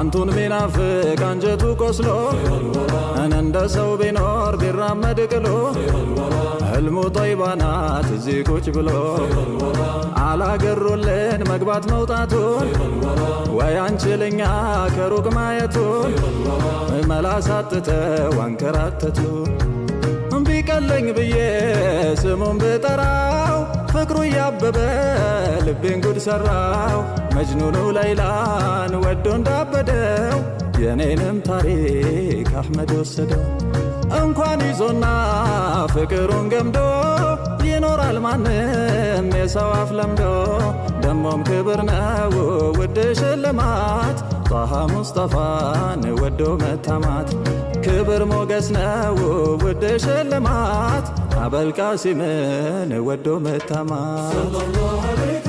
አንቱን ቢናፍቅ አንጀቱ ቆስሎ እኔ እንደ ሰው ቢኖር ቢራመድ ቅሎ ህልሙ ጠይባናት እዚህ ቁጭ ብሎ አላገሩልን መግባት መውጣቱን ወይ አንችልኛ ከሩቅ ማየቱን መላሳጥተው አንከራተቱ ቢቀለኝ ብዬ ስሙን ብጠራው ፍቅሩ እያበበ ልቤን ጉድ ሰራው መጅኑኑ ላይላን ወዶ እንዳበደው የኔንም ታሪክ አሕመድ ወሰደው እንኳን ይዞና ፍቅሩን ገምዶ ይኖራል ማንም የሰው አፍ ለምዶ ደሞም ክብር ነው ውድ ሽልማት ጣሃ ሙስጠፋን ወዶ መታማት ክብር ሞገስ ነው ውድ ሽልማት አበልቃሲምን ወዶ መታማት